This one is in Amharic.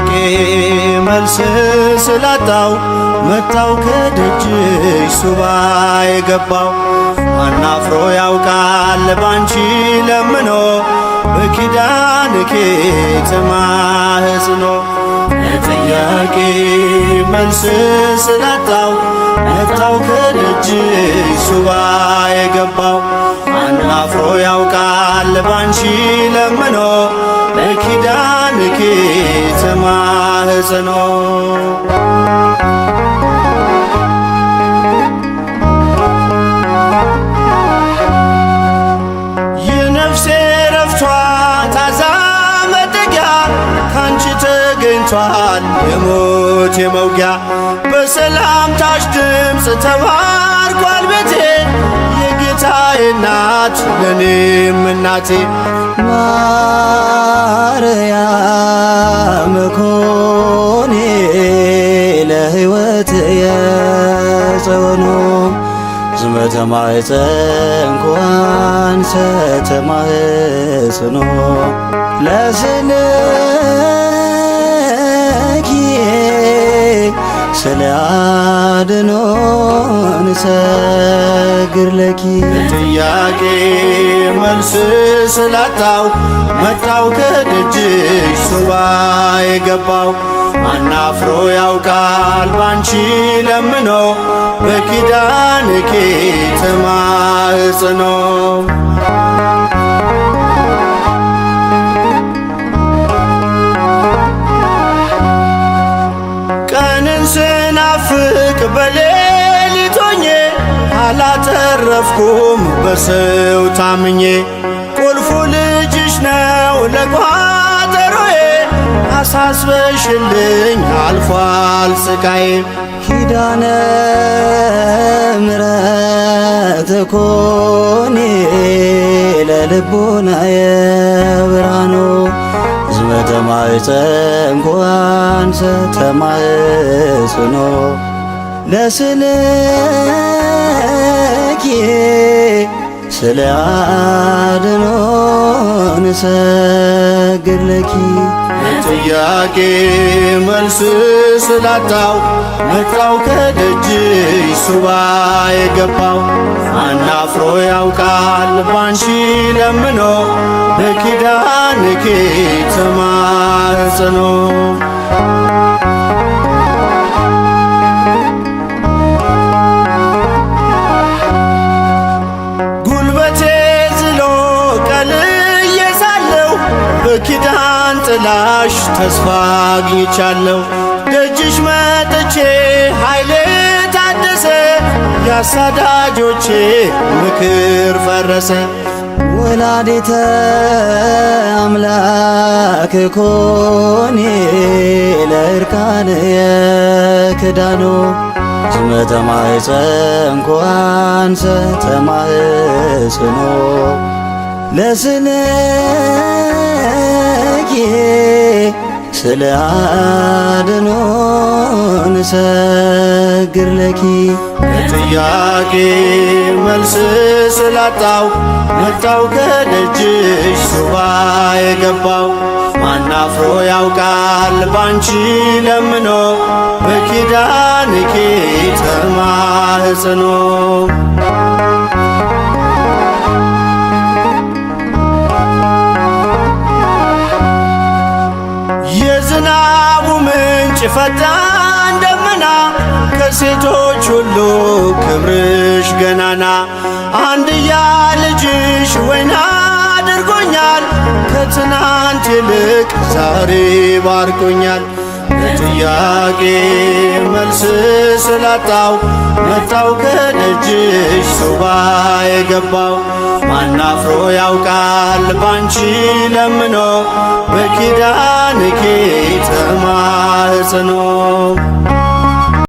ጥያቄ መልስ ስላጣው መጣው ከደጅሽ ሱባ የገባው አናፍሮ ያውቃል ባንቺ ለምኖ በኪዳንኬ ተማህጽኖ ለጥያቄ መልስ ስላጣው መጣው ከደጅሽ ሱባ የገባው አናፍሮ ያውቃል ባንቺ ለምኖ በኪዳን ከተማ ህጽኖ የነፍሴ ረፍቷ ታዛ መጠጊያ ካንቺ ተገኝቷል የሞት የመውጊያ በሰላምታሽ ድምፅ ተባርኳል ቤቴ የጌታዬ እናት ለኔም እናቴ ማርያም ኮኔ ለሕይወት የጸወኑ ዝመተ ማኅፀንኳን ሰተ ማኅፅኖ ለስንኪ ስለ አድኖ ልሰግር ለኪ ጥያቄ መልስ ስላጣው መጣው ከደጅሽ ሱባ የገባው አናፍሮ ያውቃል ባንቺ ለምኖ በኪዳንኪ ተማጽኖ ቀንን ስናፍቅ በሌ አላተረፍኩም በሰው ታምኜ ቁልፉ ልጅሽ ነው ለቋጠሮዬ አሳስበሽልኝ አልፏል ስቃዬ ኪዳነ ምሕረት ኮኔ ለልቡናዬ ብርሃኑ ህዝበ ተማሕፀን እንኳን ስኖ ለስልኬ ስለ አድኖን ሰግድለኪ ጥያቄ መልስ ስላጣው መጣው ከደጅሽ ሱባ የገባው አናፍሮ ያውቃል ባንሺ ለምኖ በኪዳንኪ ተማጽኖ ጥላሽ ተስፋ አግኝቻለሁ ደጅሽ መጥቼ ኃይሌ ታደሰ ያሳዳጆቼ ምክር ፈረሰ ወላዲተ አምላክ ኮኔ ለእርካን የክዳኑ ዝመተማይ ጸንኳን ዘተማይ ጽኖ ለስነጌ ስለ አድኖን ሰግር ለኪ ለጥያቄ መልስ ስላጣው መጣው ከደጅሽ ሱባ የገባው ማናፍሮ ያውቃል ባንቺ ለምኖ በኪዳንኪ ተማህጽኖ የፈታን ደመና ከሴቶች ሁሉ ክብርሽ ገናና አንድያ ልጅሽ ወይና አድርጎኛል ከትናንት ይልቅ ዛሬ ባርኮኛል። ጥያቄ መልስ ስላጣው መጣው ከደጅሽ ሱባ የገባው ማናፍሮ ያውቃል ባንቺ ለምኖ በኪዳ ሚካኤል ተማጽኖ